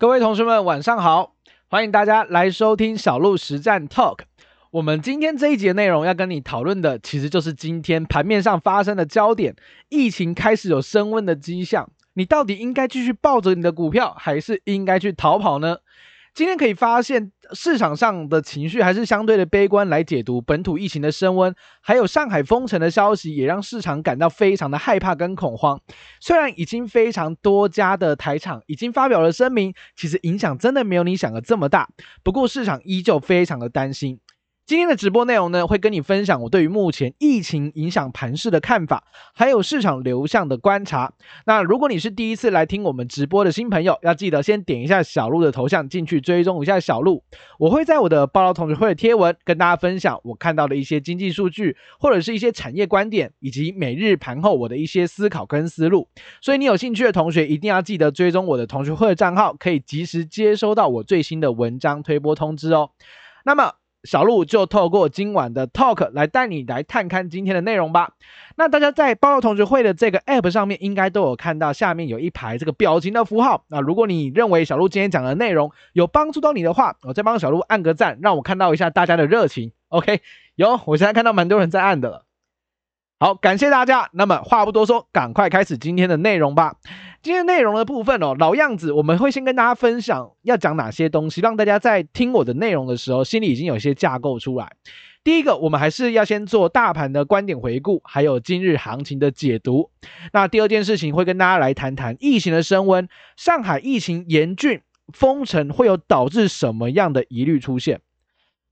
各位同學們，晚上好！歡迎大家來收聽小路實戰 Talk。我們今天這一節內容要跟你討論的，其實就是今天盤面上發生的焦點：疫情開始有升溫的跡象，你到底應該繼續抱着你的股票，還是應該去逃跑呢？今天可以發現，市場上的情緒還是相對的悲觀。來解讀本土疫情的升溫，還有上海封城的消息，也讓市場感到非常的害怕跟恐慌。雖然已經非常多家的台廠已經發表了聲明，其實影響真的沒有你想的這麼大。不過市場依舊非常的擔心。今天的直播內容呢，會跟你分享我對於目前疫情影響盤勢的看法，還有市場流向的觀察。那如果你是第一次來聽我們直播的新朋友，要記得先點一下小路的頭像進去追蹤一下小路。我會在我的報道同學會的貼文跟大家分享我看到的一些經濟數據，或者是一些產業觀點，以及每日盤後我的一些思考跟思路。所以你有興趣的同學一定要記得追蹤我的同學會的賬號，可以及時接收到我最新的文章推播通知哦。那麼。小路就透過今晚的 talk 來帶你來探看今天的內容吧。那大家在包羅同學會的這個 app 上面，應該都有看到下面有一排這個表情的符號。啊，如果你認為小路今天講的內容有幫助到你的話，我再幫小路按個讚，讓我看到一下大家的熱情。OK，有，我現在看到蠻多人在按的了。好，感謝大家。那麼話不多說，趕快開始今天的內容吧。今天的內容的部分哦，老樣子，我們會先跟大家分享要講哪些東西，讓大家在聽我的內容的時候心裡已經有一些架構出來。第一個，我們還是要先做大盤的觀點回顧，還有今日行情的解讀。那第二件事情會跟大家來談談疫情的升溫，上海疫情嚴峻封城會有導致什麼樣的疑慮出現？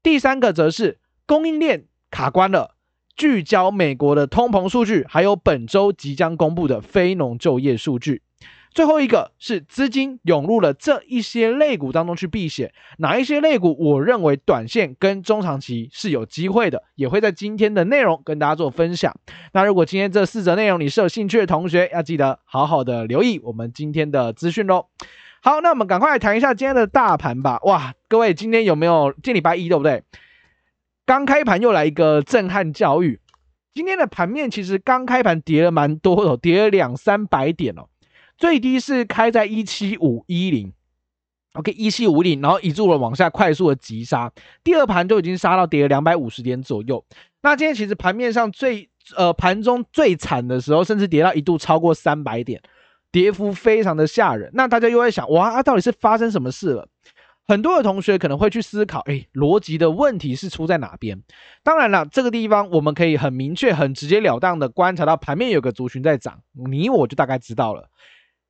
第三個則是供應鏈卡關了。聚焦美國的通膨數據，還有本周即將公布的非農就業數據。最後一個是資金湧入了這一些類股當中去避險，哪一些類股我認為短線跟中長期是有機會的，也會在今天的內容跟大家做分享。那如果今天這四則內容你是有興趣的同學，要記得好好的留意我們今天的資訊咯。好，那我們趕快談一下今天的大盤吧。哇，各位今天有沒有？今天禮拜一對不對？剛開盤又來一個震撼教育，今天的盤面其實剛開盤跌了蠻多的哦，跌了兩三百點哦，最低是開在一七五一零，OK 一七五零，然後倚住了往下快速的急殺，第二盤就已經殺到跌了兩百五十點左右。那今天其實盤面上最呃盤中最慘的時候，甚至跌到一度超過三百點，跌幅非常的嚇人。那大家又在想，哇，到底是發生什麼事了？很多的同學可能會去思考，誒，邏輯的問題是出在哪邊？當然了，這個地方我們可以很明確、很直截了當的觀察到盤面有個族群在漲，你我就大概知道了。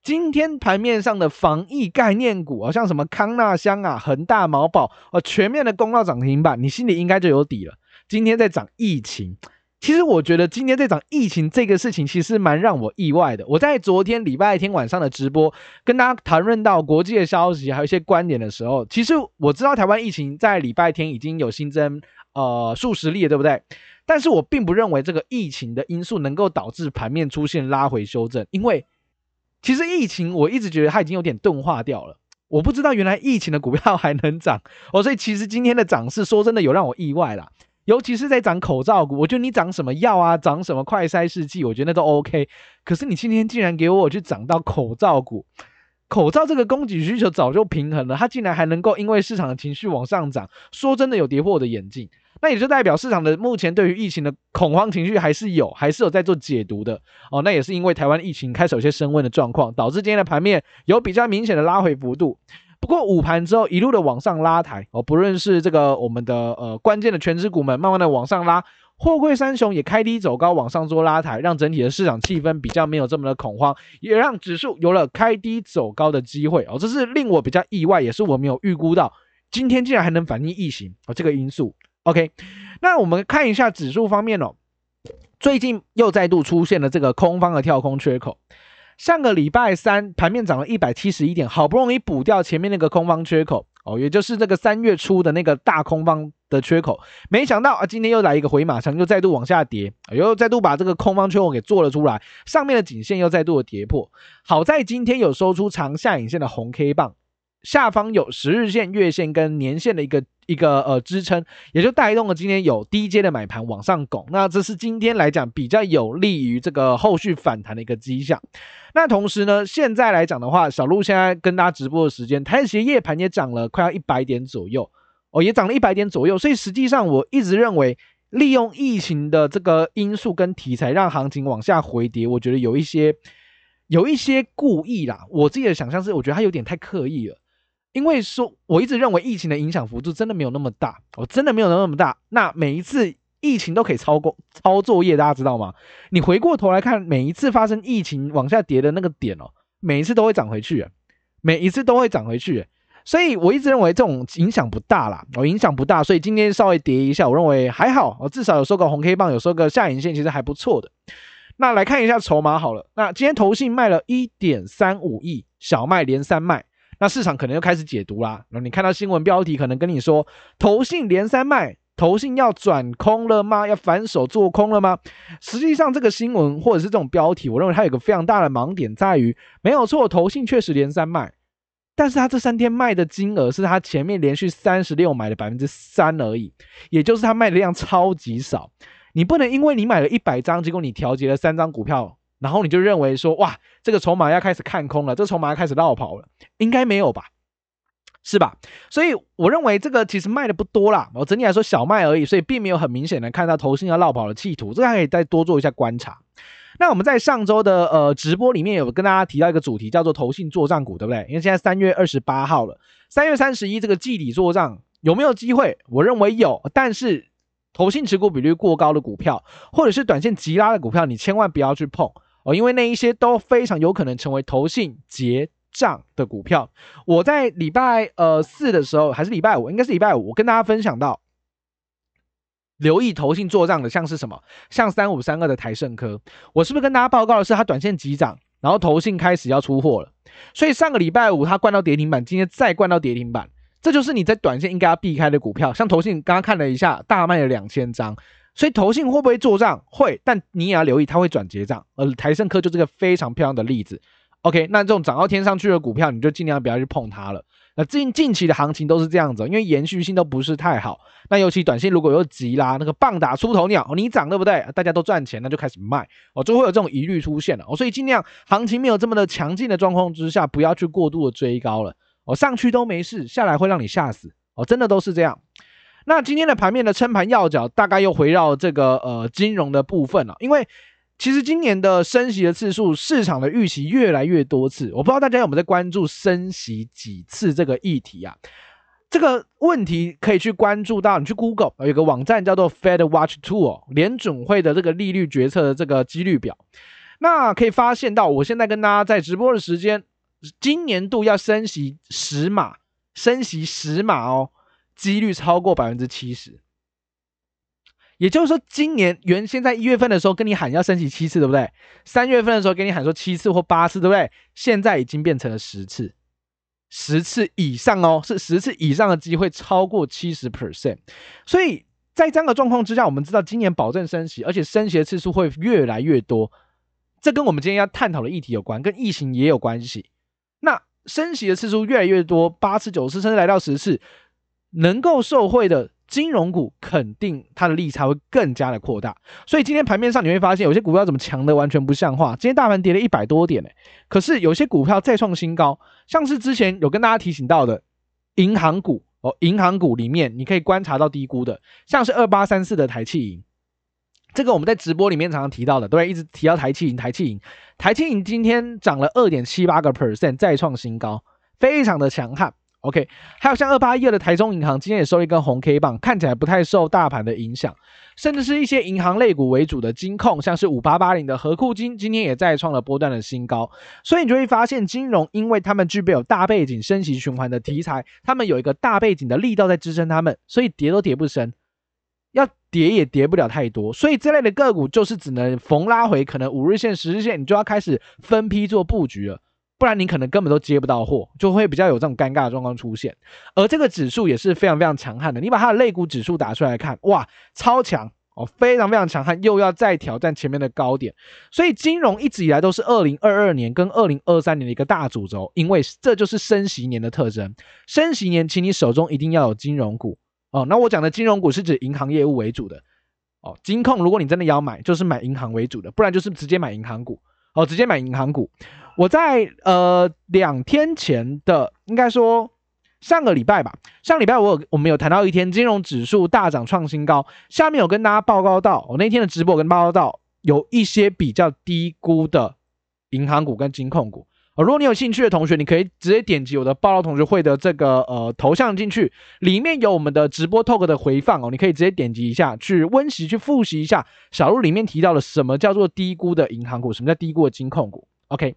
今天盤面上的防疫概念股、啊，好像什麼康那香啊、恆大毛寶、毛寶哦，全面的公告漲停板，你心裡應該就有底了。今天在漲疫情。其實我覺得今天這場疫情這個事情，其實蠻讓我意外的。我在昨天禮拜天晚上的直播，跟大家談論到國際的消息，還有一些觀點的時候，其實我知道台灣疫情在禮拜天已經有新增呃數十例，對不對？但是我並不認為這個疫情的因素能夠導致盤面出現拉回修正，因為其實疫情我一直覺得它已經有點鈍化掉了。我不知道原來疫情的股票還能漲哦，所以其實今天的漲勢說真的有讓我意外啦。尤其是在漲口罩股，我覺得你漲什麼藥啊，漲什麼快篩試劑，我覺得那都 OK。可是你今天竟然給我去漲到口罩股，口罩這個供給需求早就平衡了，它竟然還能夠因為市場的情緒往上漲。說真的，有跌破我的眼鏡，那也就代表市場的目前對於疫情的恐慌情緒還是有，還是有在做解讀的。哦，那也是因為台灣疫情開始有些升溫的狀況，導致今天的盤面有比較明顯的拉回幅度。不過午盤之後一路的往上拉抬，哦，不論是這個我們的呃關鍵的權值股們慢慢的往上拉，貨櫃三雄也開低走高往上做拉抬，讓整體的市場氣氛比較沒有這麼的恐慌，也讓指數有了開低走高的機會哦，這是令我比較意外，也是我沒有預估到，今天竟然還能反映疫情哦這個因素。OK，那我們看一下指數方面哦，最近又再度出現了這個空方的跳空缺口。上個禮拜三盤面漲了一百七十一點，好不容易補掉前面那個空方缺口哦，也就是這個三月初的那個大空方的缺口。沒想到啊，今天又來一個回馬槍，又再度往下跌，又、哎、再度把這個空方缺口給做了出來，上面的頸線又再度的跌破。好在今天有收出長下影線的紅 K 棒，下方有十日線、月線跟年線的一個。一個呃支撐，也就帶動了今天有低接的買盤往上拱，那這是今天來講比較有利於這個後續反彈的一個跡象。那同時呢，現在來講的話，小路現在跟大家直播的時間，台指其實夜盤也漲了快要一百點左右哦，也漲了一百點左右，所以實際上我一直認為，利用疫情的這個因素跟題材讓行情往下回跌，我覺得有一些、有一些故意啦，我自己的想象是，我覺得它有點太刻意了。因為說我一直認為疫情的影響幅度真的沒有那麼大，哦，真的沒有那麼大。那每一次疫情都可以超過抄作業，大家知道嗎？你回過頭來看，每一次發生疫情往下跌的那個點哦，每一次都會漲回去，每一次都會漲回去。所以我一直認為這種影響不大啦，我、哦、影響不大。所以今天稍微跌一下，我認為還好，我、哦、至少有收個紅 K 棒，有收個下影線，其實還不錯的。那來看一下籌碼好了，那今天投信賣了1.35億，小麥連三麥那市場可能又開始解讀啦。然後你看到新聞標題，可能跟你說“投信連三賣”，投信要轉空了嗎？要反手做空了嗎？實際上，這個新聞或者是這種標題，我認為它有個非常大的盲點，在於沒有錯，投信確實連三賣，但是他這三天賣的金額是他前面連續三十六買的百分之三而已，也就是他賣的量超級少。你不能因為你買了一百張，結果你調節了三張股票。然後你就認為說，哇，這個籌碼要開始看空了，這個籌碼要開始落跑了，應該沒有吧，是吧？所以我認為這個其實賣的不多啦，我整體來說小賣而已，所以並沒有很明顯的看到投信要落跑的企圖，這個還可以再多做一下觀察。那我們在上周的呃直播裡面有跟大家提到一個主題，叫做投信做賬股，對不對？因為現在三月二十八號了，三月三十一這個季底做賬有沒有機會？我認為有，但是投信持股比率過高的股票，或者是短線急拉的股票，你千萬不要去碰。因為那一些都非常有可能成為投信結賬的股票。我在禮拜呃四的時候，還是禮拜五，應該是禮拜五，我跟大家分享到，留意投信做賬的，像是什麼，像三五三二的台勝科，我是不是跟大家報告的是它短線急漲，然後投信開始要出貨了，所以上個禮拜五它灌到跌停板，今天再灌到跌停板，這就是你在短線應該要避開的股票。像投信剛剛看了一下，大賣了兩千張。所以投信會不會做賬？會，但你也要留意，它會轉結賬。呃，台勝科就是個非常漂亮的例子。OK，那這種漲到天上去的股票，你就儘量不要去碰它了。近近期的行情都是這樣子，因為延續性都不是太好。那尤其短線，如果又急拉，那個棒打出頭鳥，哦、你漲對不對？大家都賺錢，那就開始賣，哦，就會有這種疑慮出現了。哦，所以儘量行情沒有這麼的強勁的狀況之下，不要去過度的追高了。哦，上去都沒事，下來會讓你嚇死。哦，真的都是這樣。那今天的盤面的撐盤要角大概又回到這個呃金融的部分了，啊，因為其實今年的升息的次數，市場的預期越來越多次。我不知道大家有沒有在關注升息幾次這個議題啊？這個問題可以去關注到，你去 Google 有個網站叫做 Fed Watch Tool，聯準會的這個利率決策的這個幾率表，那可以發現到，我現在跟大家在直播的時間，今年度要升息十碼，升息十碼哦。幾率超過百分之七十，也就是說，今年原先在一月份的時候跟你喊要升息七次，對不對？三月份的時候跟你喊說七次或八次，對不對？現在已經變成了十次，十次以上哦，是十次以上的機會超過七十 percent。所以在這樣的狀況之下，我們知道今年保證升息，而且升息的次數會越來越多。這跟我們今天要探討的議題有關，跟疫情也有關係。那升息的次數越來越多，八次、九次，甚至來到十次。能夠受惠的金融股，肯定它的利差會更加的擴大。所以今天盤面上你會發現，有些股票怎麼強的完全不像話。今天大盤跌了一百多點嘞、欸，可是有些股票再創新高，像是之前有跟大家提醒到的銀行股哦，銀行股裡面你可以觀察到低估的，像是二八三四的台企銀，這個我們在直播裡面常常提到的，對，一直提到台企銀，台企銀，台企銀今天漲了二點七八個 percent，再創新高，非常的強悍。OK，還有像二八一二的台中銀行，今天也收一根紅 K 棒，看起來不太受大盤的影響，甚至是一些銀行類股為主的金控，像是五八八零的合庫金，今天也再創了波段的新高。所以你就會發現，金融，因為他們具備有大背景升息循環的題材，他們有一個大背景的力道在支撐他們，所以跌都跌不深，要跌也跌不了太多。所以這類的個股就是只能逢拉回，可能五日線、十日線，你就要開始分批做布局了。不然你可能根本都接不到貨，就會比較有這種尷尬的狀況出現。而這個指數也是非常非常強悍的，你把它的類股指數打出來看，哇，超強哦，非常非常強悍，又要再挑戰前面的高點。所以金融一直以來都是二零二二年跟二零二三年的一個大主軸，因為這就是升息年的特徵。升息年，請你手中一定要有金融股哦。那我講的金融股是指銀行業務為主的哦，金控。如果你真的要買，就是買銀行為主的，不然就是直接買銀行股哦，直接買銀行股。我在呃兩天前的應該說上個禮拜吧，上禮拜我有我們有談到一天金融指數大漲創新高，下面有跟大家報告到我、哦、那天的直播，跟報告到有一些比較低估的銀行股跟金控股，哦。如果你有興趣的同學，你可以直接點擊我的報告同學會的這個呃頭像進去，裡面有我們的直播 talk 的回放哦，你可以直接點擊一下去溫習去複習一下小路裡面提到的什麼叫做低估的銀行股，什麼叫低估的金控股。OK，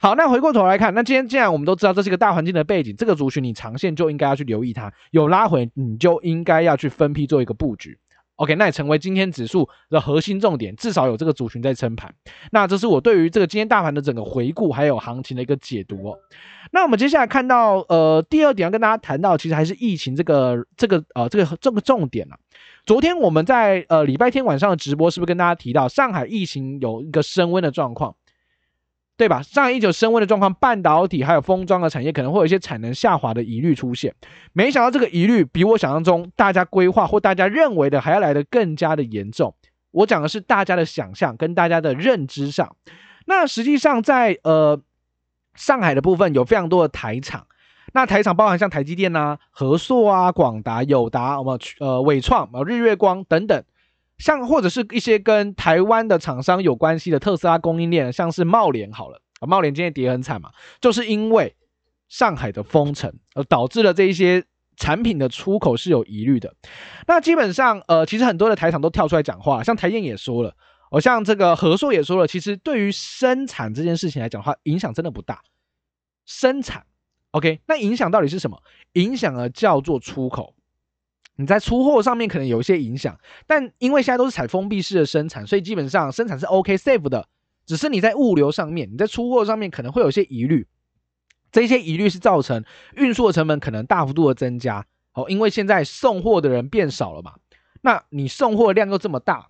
好，那回過頭來看，那今天既然我們都知道這是一個大環境的背景，這個族群你長線就應該要去留意它，有拉回你就應該要去分批做一個佈局。OK，那也成為今天指數的核心重點，至少有這個族群在撐盤。那這是我對於這個今天大盤的整個回顧，還有行情的一個解讀哦。那我們接下來看到，呃，第二點要跟大家談到，其實還是疫情這個這個呃這個這個重點啊。昨天我們在呃禮拜天晚上的直播是不是跟大家提到，上海疫情有一個升溫的狀況？對吧？上海疫情升溫的狀況，半導體還有封裝的產業可能會有一些產能下滑的疑慮出現。沒想到這個疑慮比我想象中大家規劃或大家認為的還要來得更加的嚴重。我講的是大家的想象跟大家的認知上。那實際上在呃上海的部分有非常多的台廠，那台廠包含像台積電啊、和碩啊、廣達、友達、我們呃緯創啊、日月光等等。像或者是一些跟台灣的廠商有關係的特斯拉供應鏈，像是貿聯好了啊，貿聯今天跌很慘嘛，就是因為上海的封城，而、呃、導致了這一些產品的出口是有疑慮的。那基本上，呃，其實很多的台廠都跳出來講話，像台電也說了，哦、呃，像這個和碩也說了，其實對於生產這件事情來講的話，影響真的不大。生產，OK，那影響到底是什麼？影響了叫做出口。你在出貨上面可能有一些影響，但因為現在都是採封閉式的生產，所以基本上生產是 OK safe 的。只是你在物流上面，你在出貨上面可能會有些疑慮，這些疑慮是造成運輸的成本可能大幅度的增加。哦，因為現在送貨的人變少了嘛，那你送貨量又這麼大。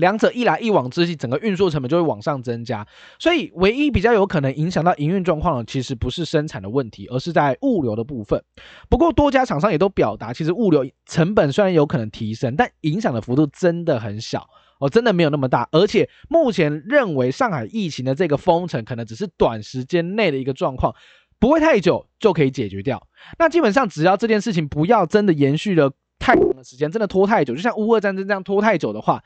兩者一來一往之際，整個運輸成本就會往上增加，所以唯一比較有可能影響到營運狀況的，其實不是生產的問題，而是在物流的部分。不過多家廠商也都表達，其實物流成本雖然有可能提升，但影響的幅度真的很小哦，真的沒有那麼大。而且目前認為上海疫情的這個封城，可能只是短時間內的一個狀況，不會太久就可以解決掉。那基本上只要這件事情不要真的延續了太長的時間，真的拖太久，就像烏俄戰爭這樣拖太久的話。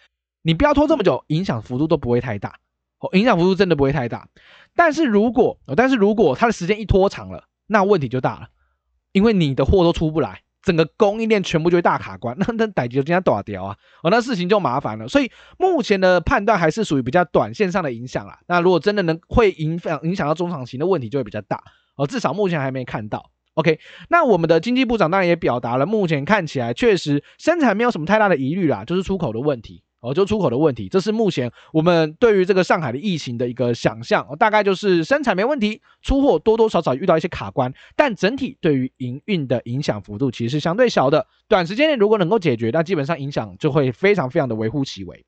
你不要拖這麼久，影響幅度都不會太大，哦，影響幅度真的不會太大。但是如果、哦、但是如果它的時間一拖長了，那問題就大了，因為你的貨都出不來，整個供應鏈全部就會大卡關，那那歹誌就真的大條啊，哦，那事情就麻煩了。所以目前的判斷還是屬於比較短線上的影響啦。那如果真的能會影響影響到中長期的問題，就會比較大。哦，至少目前還沒看到。OK，那我們的經濟部長當然也表達了，目前看起來確實生產沒有什麼太大的疑慮啦，就是出口的問題。歐洲、哦、出口的問題，這是目前我們對於這個上海的疫情的一個想象、哦，大概就是生產沒問題，出貨多多少少遇到一些卡關，但整體對於營運的影響幅度其實是相對小的。短時間內如果能夠解決，那基本上影響就會非常非常的微乎其微。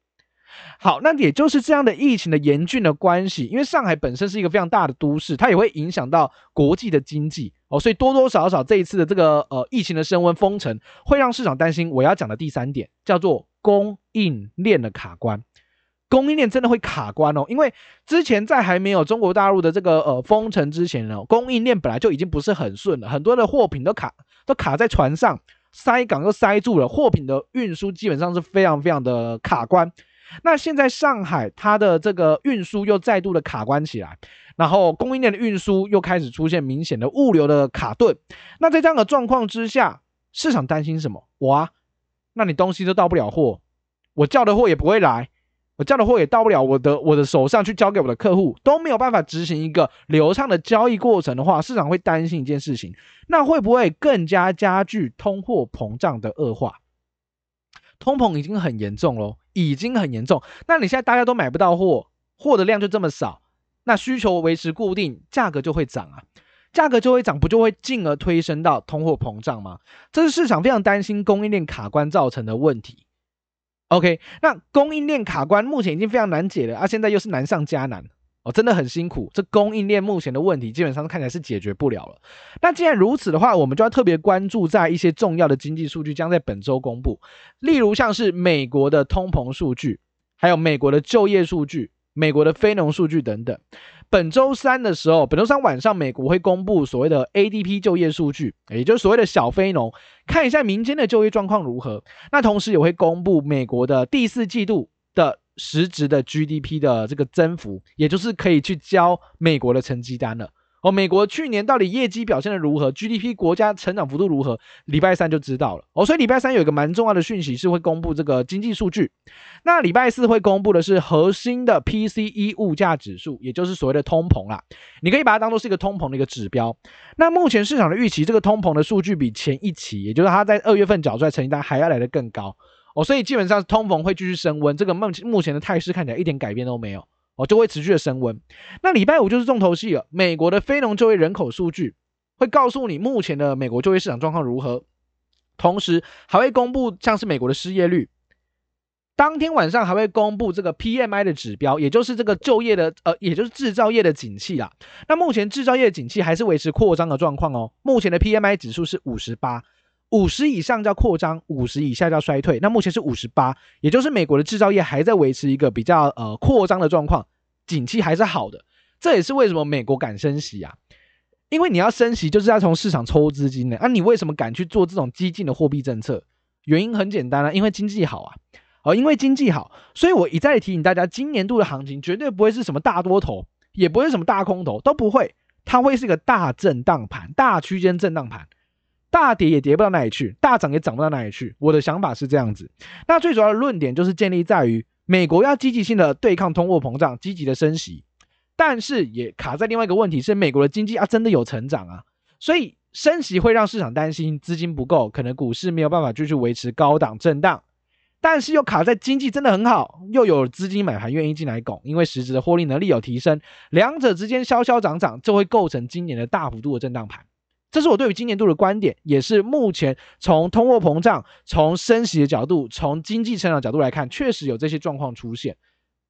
好，那也就是這樣的疫情的嚴峻的關係，因為上海本身是一個非常大的都市，它也會影響到國際的經濟哦，所以多多少少這一次的這個呃疫情的升溫封城，會讓市場擔心。我要講的第三點叫做。供應鏈的卡關，供應鏈真的會卡關哦。因為之前在還沒有中國大陸的這個呃封城之前呢，供應鏈本來就已經不是很順了，很多的貨品都卡，都卡在船上，塞港又塞住了，貨品的運輸基本上是非常非常的卡關。那現在上海它的這個運輸又再度的卡關起來，然後供應鏈的運輸又開始出現明顯的物流的卡頓。那在這樣的狀況之下，市場擔心什麼？我啊。那你東西都到不了貨，我叫的貨也不會來，我叫的貨也到不了我的我的手上去交給我的客戶，都沒有辦法執行一個流暢的交易過程的話，市場會擔心一件事情，那會不會更加加劇通貨膨脹的惡化？通膨已經很嚴重了，已經很嚴重。那你現在大家都買不到貨，貨的量就這麼少，那需求維持固定，價格就會漲啊。價格就會漲，不就會進而推升到通貨膨脹嗎？這是市場非常擔心供應鏈卡關造成的問題。OK，那供應鏈卡關目前已經非常難解了，啊，現在又是難上加難哦，真的很辛苦。這供應鏈目前的問題基本上看起來是解決不了了。那既然如此的話，我們就要特別關注在一些重要的經濟數據將在本周公布，例如像是美國的通膨數據，還有美國的就業數據、美國的非農數據等等。本週三的時候，本週三晚上，美國會公布所謂的 ADP 就業數據，也就是所謂的小非農，看一下民間的就業狀況如何。那同時也會公布美國的第四季度的實質的 GDP 的這個增幅，也就是可以去交美國的成績單了。哦，美國去年到底業績表現的如何？GDP 國家成長幅度如何？禮拜三就知道了。哦，所以禮拜三有一個蠻重要的訊息是會公布這個經濟數據。那禮拜四會公布的是核心的 PCE 物價指數，也就是所謂的通膨啦。你可以把它當做是一個通膨的一個指標。那目前市場的預期，這個通膨的數據比前一期，也就是它在二月份繳出來成績單還要來得更高。哦，所以基本上通膨會繼續升溫。這個夢目前的態勢看起來一點改變都沒有。哦，就會持續的升溫。那禮拜五就是重頭戲了，美國的非農就業人口數據會告訴你目前的美國就業市場狀況如何，同時還會公布像是美國的失業率。當天晚上還會公布這個 PMI 的指標，也就是這個就業的呃，也就是製造業的景氣啦。那目前製造業景氣還是維持擴張的狀況哦，目前的 PMI 指數是五十八。五十以上叫擴張，五十以下叫衰退。那目前是五十八，也就是美國的製造業還在維持一個比較呃擴張的狀況，景氣還是好的。這也是為什麼美國敢升息啊，因為你要升息就是要從市場抽資金呢。那、啊、你為什麼敢去做這種激進的貨幣政策？原因很簡單啊，因為經濟好啊，啊、呃，因為經濟好，所以我一再提醒大家，今年度的行情絕對不會是什麼大多頭，也不會什麼大空頭，都不會，它會是一個大震盪盤，大區間震盪盤。大跌也跌不到哪裡去，大漲也漲不到哪裡去。我的想法是這樣子，那最主要的論點就是建立在於美國要積極性的對抗通貨膨脹，積極的升息，但是也卡在另外一個問題是美國的經濟啊真的有成長啊，所以升息會讓市場擔心資金不夠，可能股市沒有辦法繼續維持高檔震盪，但是又卡在經濟真的很好，又有資金買盤願意進來拱，因為實質的獲利能力有提升，兩者之間消消長長就會構成今年的大幅度的震盪盤。這是我對於今年度的觀點，也是目前從通貨膨脹、從升息的角度、從經濟成長的角度來看，確實有這些狀況出現。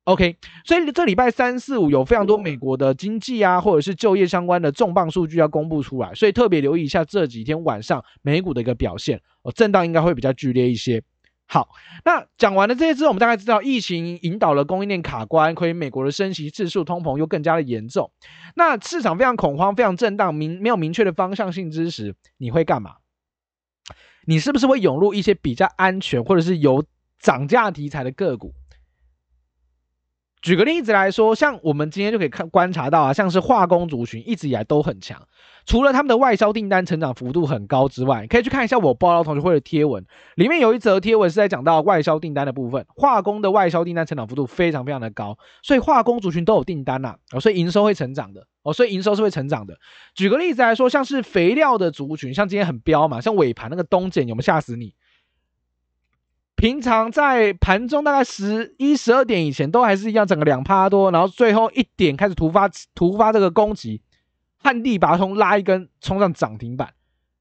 OK，所以這禮拜三四五有非常多美國的經濟啊，或者是就業相關的重磅數據要公布出來，所以特別留意一下這幾天晚上美股的一個表現，哦，震盪應該會比較劇烈一些。好，那講完了這些之後，我們大概知道疫情引導了供應鏈卡關，可以美國的升息次數通膨又更加的嚴重。那市場非常恐慌，非常震盪，明沒有明確的方向性之時，你會幹嘛？你是不是會湧入一些比較安全，或者是有漲價題材的個股？舉個例子來說，像我們今天就可以看觀察到啊，像是化工族群一直以來都很強，除了他們的外銷訂單成長幅度很高之外，可以去看一下我爆料同學會的貼文，裡面有一則貼文是在講到外銷訂單的部分，化工的外銷訂單成長幅度非常非常的高，所以化工族群都有訂單吶、啊，哦，所以營收會成長的，哦，所以營收是會成長的。舉個例子來說，像是肥料的族群，像今天很飆嘛，像尾盤那個東鹼有沒有嚇死你？平常在盤中大概十一、十二點以前都還是一樣，整個兩趴多，然後最後一點開始突發突發這個攻擊，旱地拔蔥，拉一根衝上漲停板，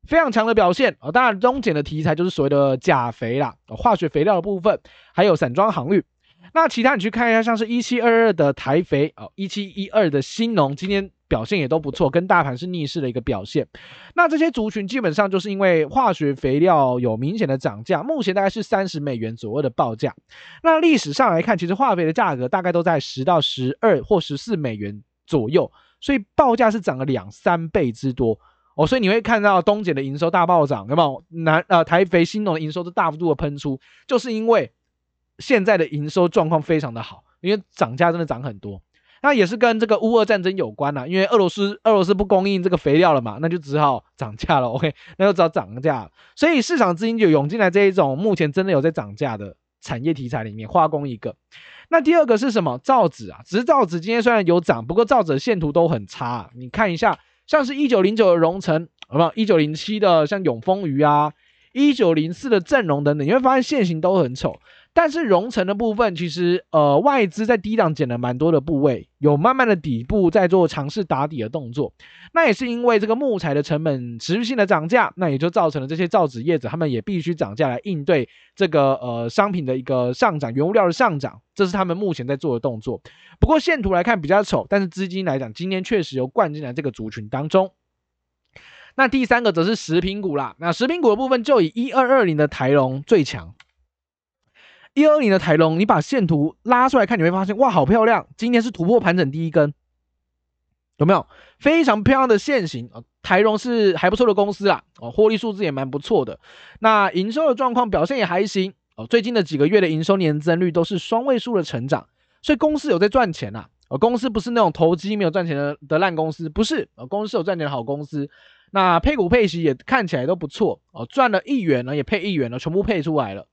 非常強的表現啊、哦！當然，中間的題材就是所謂的鉀肥啦、哦，化學肥料的部分，還有散裝航運。那其他你去看一下，像是一七二二的台肥啊，一七一二的興農，今天。表現也都不錯，跟大盤是逆勢的一個表現。那這些族群基本上就是因為化學肥料有明顯的漲價，目前大概是三十美元左右的報價。那歷史上來看，其實化肥的價格大概都在十到十二或十四美元左右，所以報價是漲了兩三倍之多哦。所以你會看到東鹼的營收大暴漲，有沒有？南呃，台肥、興農的營收都大幅度的噴出，就是因為現在的營收狀況非常的好，因為漲價真的漲很多。那也是跟這個烏俄戰爭有關吶、啊，因為俄羅斯俄羅斯不供應這個肥料了嘛，那就只好漲價了。OK，那就只好漲價了。所以市場資金就湧進來這一種目前真的有在漲價的產業題材裡面，化工一個。那第二個是什麼？造紙啊，只是造紙今天雖然有漲，不過造紙的線圖都很差、啊。你看一下，像是一九零九的榮成，好不好？一九零七的像永豐餘啊，一九零四的陣容等等，你會發現線型都很醜。但是榮成的部分，其實呃外資在低檔撿了蠻多的部位，有慢慢的底部在做嘗試打底的動作。那也是因為這個木材的成本持續性的漲價，那也就造成了這些造紙業者他們也必須漲價來應對這個呃商品的一個上漲，原物料的上漲，這是他們目前在做的動作。不過線圖來看比較醜，但是資金來講，今天確實有灌進來這個族群當中。那第三個則是食品股啦，那食品股的部分就以一二二零的台榮最強。一二年的台龍，你把線圖拉出來看，你會發現哇，好漂亮！今天是突破盤整第一根，有沒有非常漂亮的線型？台龍是還不錯的公司啦，哦，獲利數字也蠻不錯的。那營收的狀況表現也還行哦。最近的幾個月的營收年增率都是雙位數的成長，所以公司有在賺錢吶。哦，公司不是那種投機沒有賺錢的的爛公司，不是。哦，公司有賺錢的好公司。那配股配息也看起來都不錯哦，賺了一元呢，也配一元呢，全部配出來了。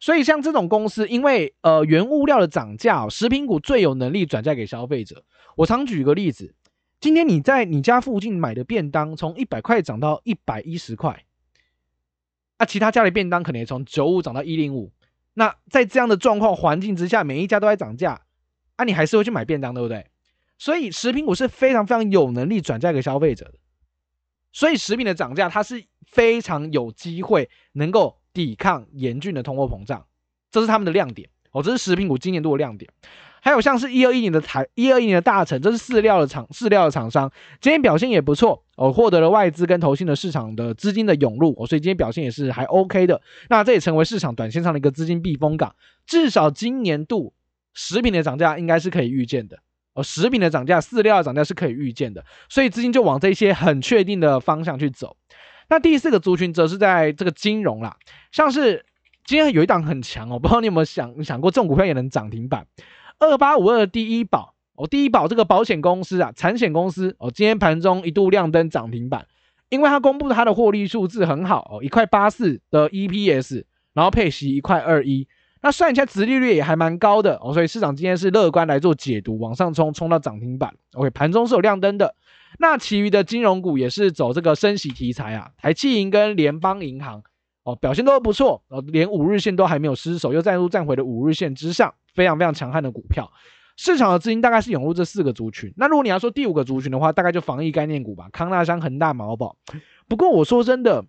所以像這種公司，因為呃原物料的漲價，食品股最有能力轉嫁給消費者。我常舉個例子，今天你在你家附近買的便當從一百塊漲到一百一十塊，那，啊，其他家的便當可能也從九五漲到一零五。那在這樣的狀況環境之下，每一家都在漲價，啊，你還是會去買便當，對不對？所以食品股是非常非常有能力轉嫁給消費者的。所以食品的漲價，它是非常有機會能夠。抵抗嚴峻的通貨膨脹，這是他們的亮點哦。這是食品股今年度的亮點。還有像是一二一年的台，一二一年的大成，這是飼料的廠，飼料的廠商，今天表現也不錯哦，獲得了外資跟投信的市場的資金的湧入哦，所以今天表現也是還 OK 的。那這也成為市場短線上的一個資金避風港，至少今年度食品的漲價應該是可以預見的哦，食品的漲價，飼料的漲價是可以預見的，所以資金就往這些很確定的方向去走。那第四個族群則是在這個金融啦，像是今天有一檔很強哦，不知道你有沒有想想過，這種股票也能漲停板。二八五二第一保哦，第一保這個保險公司啊，產險公司哦，今天盤中一度亮燈漲停板，因為它公布它的獲利數字很好哦，一塊八四的 EPS，然後配息一塊二一，那算起來殖利率也還蠻高的哦，所以市場今天是樂觀來做解讀，往上衝，衝到漲停板。OK，盤中是有亮燈的。那其餘的金融股也是走這個升息題材啊，台企銀跟聯邦銀行哦表現都不錯，哦連五日線都還沒有失守，又再度站回了五日線之上，非常非常強悍的股票。市場的資金大概是湧入這四個族群。那如果你要說第五個族群的話，大概就防疫概念股吧，康那香、恆大、毛寶。不過我說真的，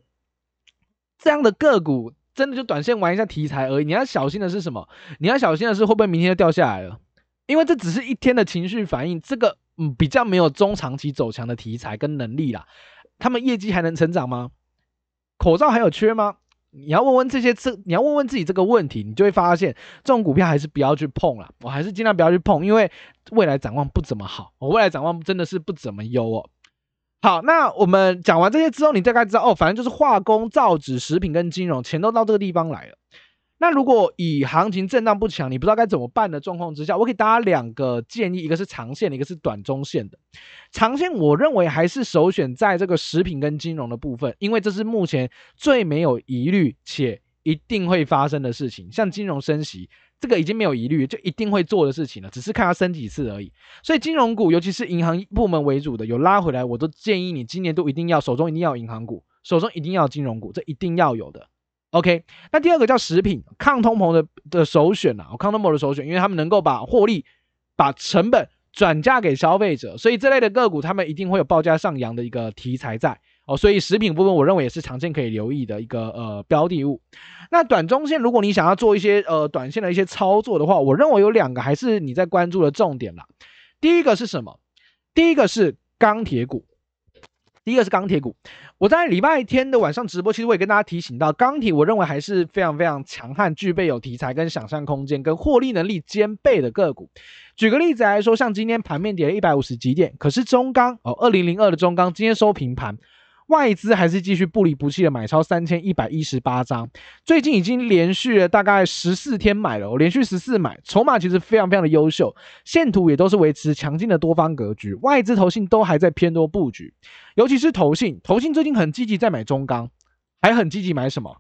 這樣的個股真的就短線玩一下題材而已。你要小心的是什麼？你要小心的是會不會明天就掉下來了？因為這只是一天的情緒反應，這個。嗯，比較沒有中長期走強的題材跟能力啦，他們業績還能成長嗎？口罩還有缺嗎？你要問問這些，這你要問問自己這個問題，你就會發現這種股票還是不要去碰了。我還是盡量不要去碰，因為未來展望不怎麼好，我未來展望真的是不怎麼優哦、喔。好，那我們講完這些之後，你大概知道哦，反正就是化工、造紙、食品跟金融，錢都到這個地方來了。那如果以行情震盪不強，你不知道該怎麼辦的狀況之下，我給大家兩個建議，一個是長線的，一個是短中線的。長線我認為還是首選在這個食品跟金融的部分，因為這是目前最沒有疑慮且一定會發生的事情。像金融升息，這個已經沒有疑慮，就一定會做的事情了，只是看它升幾次而已。所以金融股，尤其是銀行部門為主的，有拉回來，我都建議你今年都一定要手中一定要銀行股，手中一定要金融股，這一定要有的。OK，那第二個叫食品抗通膨的的首選吶、啊哦，抗通膨的首選，因為他們能夠把獲利、把成本轉嫁給消費者，所以這類的個股他們一定會有報價上揚的一個題材在哦，所以食品部分我認為也是長線可以留意的一個呃標的物。那短中線如果你想要做一些呃短線的一些操作的話，我認為有兩個還是你在關注的重點啦。第一個是什麼？第一個是鋼鐵股。第一個是鋼鐵股，我在禮拜天的晚上直播，其實我也跟大家提醒到，鋼鐵我認為還是非常非常強悍，具備有題材跟想象空間，跟獲利能力兼備的個股。舉個例子來說，像今天盤面跌了一百五十幾點，可是中鋼哦，二零零二的中鋼今天收平盤。外資還是繼續不離不棄的買超三千一百一十八張，最近已經連續了大概十四天買了，哦，連續十四買，籌碼其實非常非常的優秀，線圖也都是維持強勁的多方格局，外資投信都還在偏多布局，尤其是投信，投信最近很積極在買中鋼，還很積極買什麼？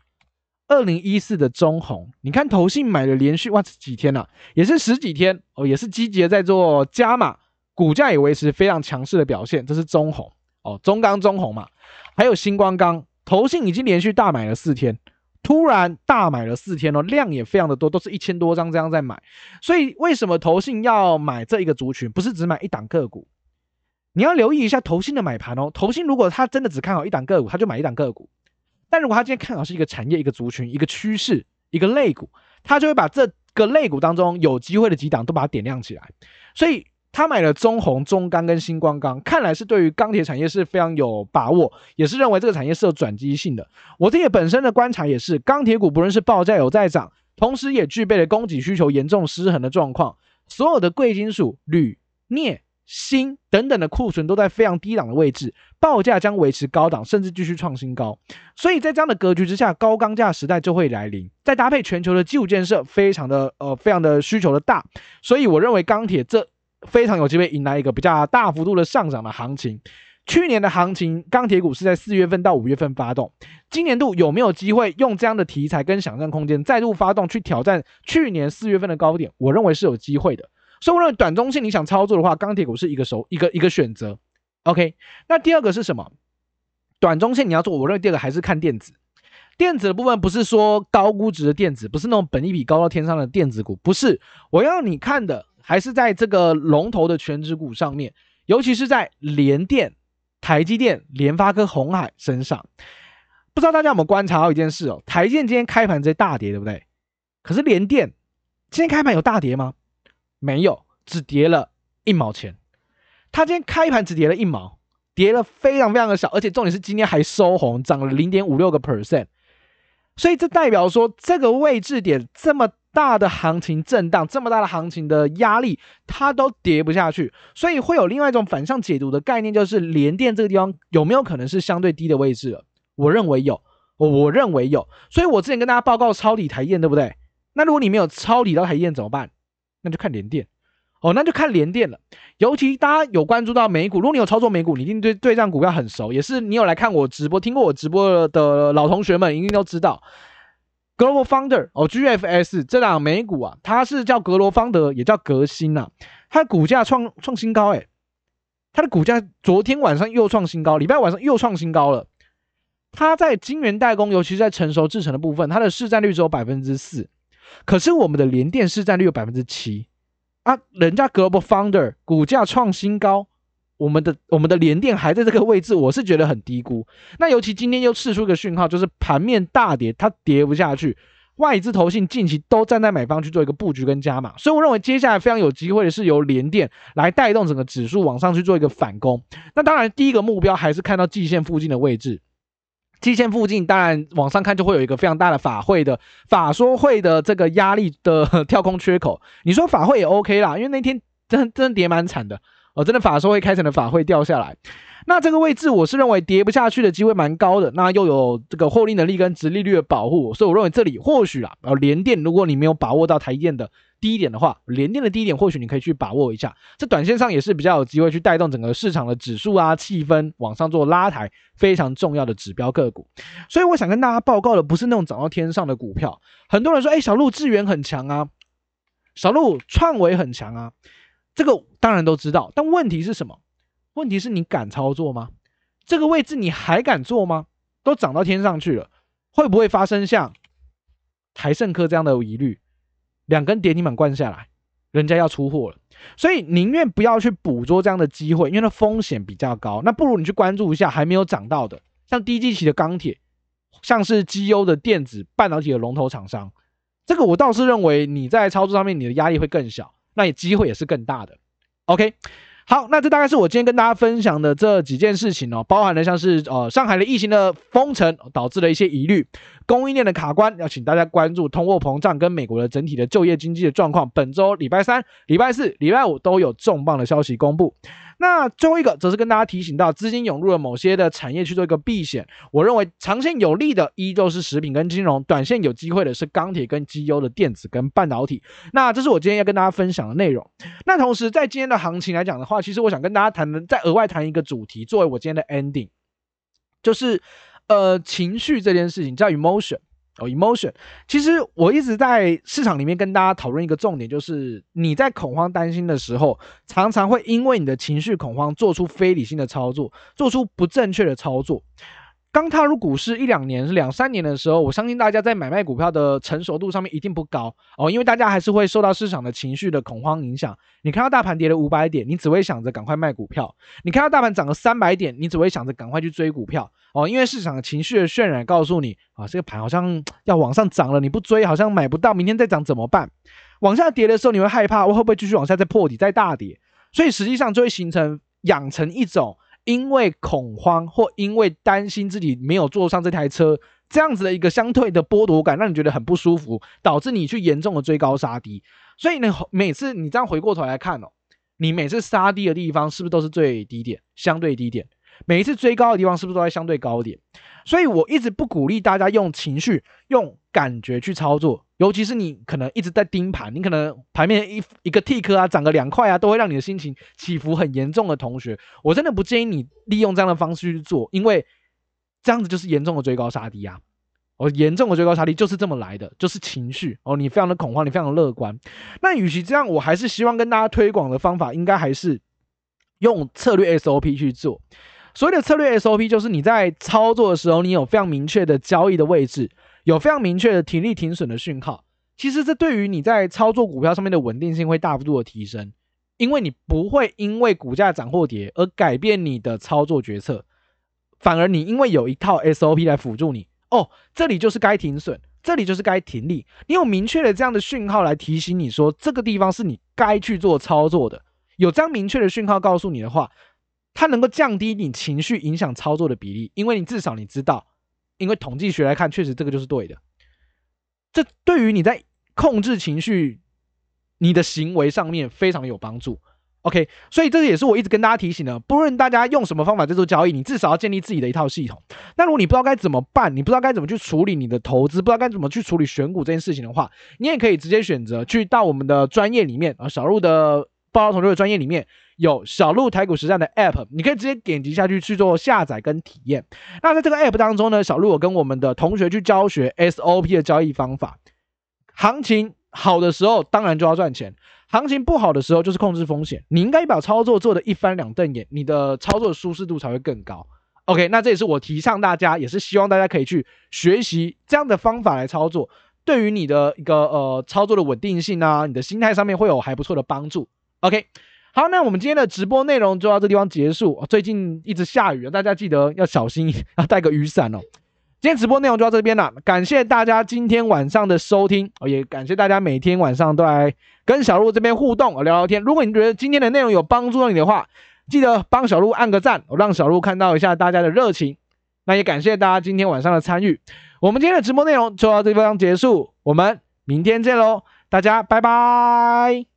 二零一四的中鴻，你看投信買了連續哇這幾天了，啊，也是十幾天哦，也是積極的在做加碼，股價也維持非常強勢的表現，這是中鴻。哦，中鋼中鴻嘛，還有新光鋼，投信已經連續大買了四天，突然大買了四天哦，量也非常的多，都是一千多張這樣在買。所以為什麼投信要買這一個族群，不是只買一檔個股？你要留意一下投信的買盤哦。投信如果他真的只看好一檔個股，他就買一檔個股；但如果他今天看好是一個產業、一個族群、一個趨勢、一個類股，他就會把這個類股當中有機會的幾檔都把它點亮起來。所以。他買了中鴻、中鋼跟新光鋼，看來是對於鋼鐵產業是非常有把握，也是認為這個產業是有轉機性的。我自己本身的觀察也是，鋼鐵股不論是報價有在漲，同時也具備了供給需求嚴重失衡的狀況。所有的貴金屬、鋁、鎳、鋅等等的庫存都在非常低檔的位置，報價將維持高檔，甚至繼續創新高。所以在這樣的格局之下，高鋼價時代就會來臨。再搭配全球的舊建設非常的呃，非常的需求的大，所以我認為鋼鐵這。非常有機會迎來一個比較大幅度的上漲的行情。去年的行情，鋼鐵股是在四月份到五月份發動。今年度有沒有機會用這樣的題材跟想象空間再度發動去挑戰去年四月份的高點？我認為是有機會的。所以我認為短中線你想操作的話，鋼鐵股是一個首一個一個選擇。OK，那第二個是什麼？短中線你要做，我認為第二個還是看電子。電子的部分不是說高估值的電子，不是那種本益比高到天上的電子股，不是。我要你看的。還是在這個龍頭的權值股上面，尤其是在聯電、台積電、聯發科、鴻海身上。不知道大家有沒有觀察到一件事哦？台積電今天開盤直接大跌，對不對？可是聯電今天開盤有大跌嗎？沒有，只跌了一毛錢。它今天開盤只跌了一毛，跌了非常非常的少，而且重點是今天還收紅，漲了零點五六個 percent。所以這代表說，這個位置點這麼大的行情震盪，這麼大的行情的壓力，它都跌不下去。所以會有另外一種反向解讀的概念，就是聯電這個地方有沒有可能是相對低的位置了？我認為有，我認為有。所以我之前跟大家報告抄底台電，對不對？那如果你沒有抄底到台電怎麼辦？那就看聯電。哦，那就看聯電了。尤其大家有關注到美股，如果你有操作美股，你一定對對這張股票很熟。也是你有來看我直播、聽過我直播的老同學們，一定都知道。Global Founder 哦，GFS 這張美股啊，它是叫格羅方德，也叫格芯啊。它的股價創創新高，欸，誒。它的股價昨天晚上又創新高，禮拜晚上又創新高了。它在晶圓代工，尤其是在成熟製程的部分，它的市占率只有百分之四，可是我們的聯電市占率有百分之七。啊，人家 Global Founder 股價創新高，我們的我們的聯電還在這個位置，我是覺得很低估。那尤其今天又釋出一個訊號，就是盤面大跌，它跌不下去，外資投信近期都站在買方去做一個佈局跟加碼，所以我認為接下來非常有機會的是由聯電來帶動整個指數往上去做一個反攻。那當然，第一個目標還是看到季線附近的位置。季線附近，當然往上看就會有一個非常大的法會的法說會的這個壓力的跳空缺口。你說法會也 OK 啦，因為那天真真的跌蠻慘的。我、哦、真的法說會開成的法會掉下來，那這個位置我是認為跌不下去的機會蠻高的。那又有這個獲利能力跟殖利率的保護，所以我認為這裡或許啊，呃，聯電，如果你沒有把握到台電的低點的話，聯電的低點或許你可以去把握一下。這短線上也是比較有機會去帶動整個市場的指數啊氣氛往上做拉抬，非常重要的指標個股。所以我想跟大家報告的不是那種漲到天上的股票。很多人說，哎、欸，小路，智原很強啊，小路，創維很強啊。這個當然都知道，但問題是什麼？問題是你敢操作嗎？這個位置你還敢做嗎？都漲到天上去了，會不會發生像台勝科這樣的疑慮？兩根跌停板灌下來，人家要出貨了。所以寧願不要去捕捉這樣的機會，因為它風險比較高。那不如你去關注一下還沒有漲到的，像低基期的鋼鐵，像是 G O 的電子，半導體的龍頭廠商。這個我倒是認為你在操作上面你的壓力會更小。那你機會也是更大的，OK，好，那這大概是我今天跟大家分享的這幾件事情哦，包含了像是呃上海的疫情的封城導致的一些疑慮，供應鏈的卡關，要請大家關注通貨膨脹跟美國的整體的就業經濟的狀況。本周禮拜三、禮拜四、禮拜五都有重磅的消息公布。那最後一個，則是跟大家提醒到，資金湧入了某些的產業去做一個避險。我認為長線有利的依舊是食品跟金融，短線有機會的是鋼鐵跟績優的電子跟半導體。那這是我今天要跟大家分享的內容。那同時，在今天的行情來講的話，其實我想跟大家談的，再額外談一個主題，作為我今天的 ending，就是呃情緒這件事情，叫 emotion。Oh, emotion，其實我一直在市場裡面跟大家討論一個重點，就是你在恐慌擔心的時候，常常會因為你的情緒恐慌做出非理性的操作，做出不正確的操作。剛踏入股市一兩年、是兩三年的時候，我相信大家在買賣股票的成熟度上面一定不高哦，因為大家還是會受到市場的情緒的恐慌影響。你看到大盤跌了五百點，你只會想着趕快賣股票；你看到大盤漲了三百點，你只會想着趕快去追股票哦，因為市場的情緒的渲染告訴你啊，這個盤好像要往上漲了，你不追好像買不到，明天再漲怎麼辦？往下跌的時候，你會害怕，我會不會繼續往下再破底再大跌？所以實際上就會形成養成一種。因為恐慌，或因為擔心自己沒有坐上這台車，這樣子的一個相對的剝奪感，讓你覺得很不舒服，導致你去嚴重的追高殺低。所以呢，每次你這樣回過頭來看哦，你每次殺低的地方是不是都是最低點，相對低點？每一次追高的地方是不是都在相對高點？所以我一直不鼓勵大家用情緒、用感覺去操作，尤其是你可能一直在盯盤，你可能盤面一一個 tick 啊漲個兩塊啊，都會讓你的心情起伏很嚴重的同學，我真的不建議你利用這樣的方式去做，因為這樣子就是嚴重的追高殺低啊！哦，嚴重的追高殺低就是這麼來的，就是情緒哦，你非常的恐慌，你非常的樂觀。那與其這樣，我還是希望跟大家推廣的方法，應該還是用策略 SOP 去做。所謂的策略 SOP 就是你在操作的時候，你有非常明確的交易的位置，有非常明確的停利停損的訊號。其實這對於你在操作股票上面的穩定性會大幅度的提升，因為你不會因為股價漲或跌而改變你的操作決策，反而你因為有一套 SOP 來輔助你。哦，這裡就是該停損，這裡就是該停利，你有明確的這樣的訊號來提醒你說這個地方是你該去做操作的。有這樣明確的訊號告訴你的話。它能夠降低你情緒影響操作的比例，因為你至少你知道，因為統計學來看，確實這個就是對的。這對於你在控制情緒、你的行為上面非常有幫助。OK，所以這個也是我一直跟大家提醒的，不論大家用什麼方法在做交易，你至少要建立自己的一套系統。那如果你不知道該怎麼辦，你不知道該怎麼去處理你的投資，不知道該怎麼去處理選股這件事情的話，你也可以直接選擇去到我們的專業裡面啊，小路的報告團隊的專業裡面。有小路台股實戰的 App，你可以直接點擊下去去做下載跟體驗。那在這個 App 當中呢，小路有跟我們的同學去教學 SOP 的交易方法。行情好的時候當然就要賺錢，行情不好的時候就是控制風險。你應該把操作做得一翻兩瞪眼，你的操作的舒適度才會更高。OK，那這也是我提倡大家，也是希望大家可以去學習這樣的方法來操作，對於你的一個呃操作的穩定性啊，你的心態上面會有還不錯的幫助。OK。好，那我們今天的直播內容就到這地方結束。最近一直下雨，大家記得要小心，要帶個雨傘哦。今天直播內容就到這邊了，感謝大家今天晚上的收聽，也感謝大家每天晚上都來跟小路這邊互動，聊聊天。如果你覺得今天的內容有幫助你的話，記得幫小路按個讚，讓小路看到一下大家的熱情。那也感謝大家今天晚上的參與。我們今天的直播內容就到這地方結束，我們明天見嘍，大家拜拜。